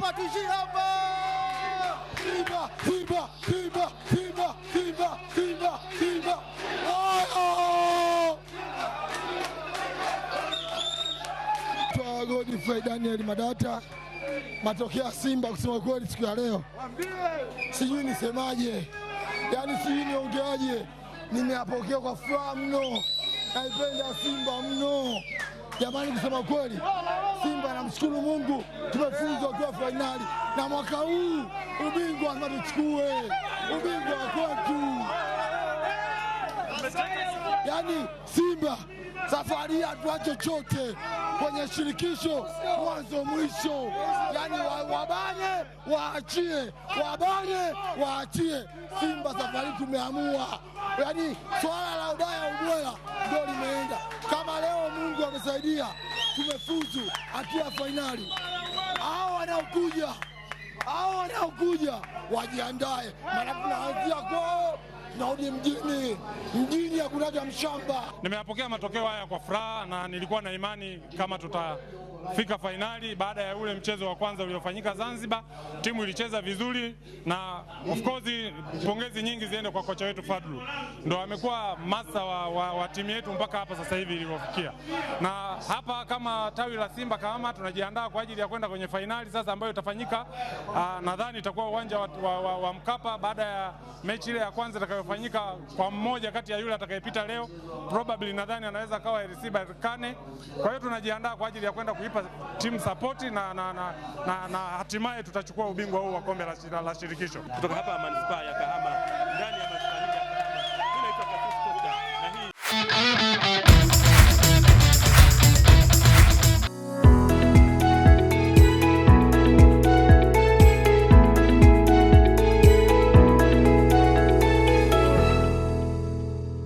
hapa, tuishii hapa. Simba, Simba, Simba, Simba, Simba, Simba, Simba. Godfrey Daniel Madata, matokeo ya Simba kusema kweli siku ya leo sijui nisemaje, yaani sijui niongeaje. nimeapokea kwa furaha mno, naipenda Simba mno. Jamani, kusema kweli, Simba namshukuru Mungu tumefunzwa kwa fainali, na mwaka huu ubingwa lazima tuchukue ubingwa kwetu. Yaani Simba safari hii chochote kwenye shirikisho mwanzo mwisho, yani wabane waachie, wabane waachie. Simba safari tumeamua, yani swala la ubaya ubwela ndio limeenda. Kama leo Mungu amesaidia, tumefuzu hatua fainali. Hao wanaokuja hao wanaokuja wajiandae, maana tunaanzia kwao, tunarudi mjini mjini wa Mshamba. Nimeyapokea matokeo haya kwa furaha na nilikuwa na imani kama tutafika fainali baada ya ule mchezo wa kwanza uliofanyika Zanzibar. Timu ilicheza vizuri na of course pongezi nyingi ziende kwa kocha wetu Fadlu, ndo amekuwa masa wa, wa, wa timu yetu mpaka hapa sasa hivi ilivyofikia. Na hapa kama tawi la Simba kama tunajiandaa kwa ajili ya kwenda kwenye fainali sasa ambayo itafanyika ah, nadhani itakuwa uwanja wa, wa, wa, wa Mkapa baada ya mechi ile ya kwanza itakayofanyika kwa mmoja kati ya yule atakayepita kupita leo, probably nadhani anaweza kawa receiver Kane. Kwa hiyo tunajiandaa kwa ajili ya kwenda kuipa timu support na, na, na, na, na hatimaye tutachukua ubingwa huu wa kombe la, la, la shirikisho kutoka hapa manispaa ya Kahama ndani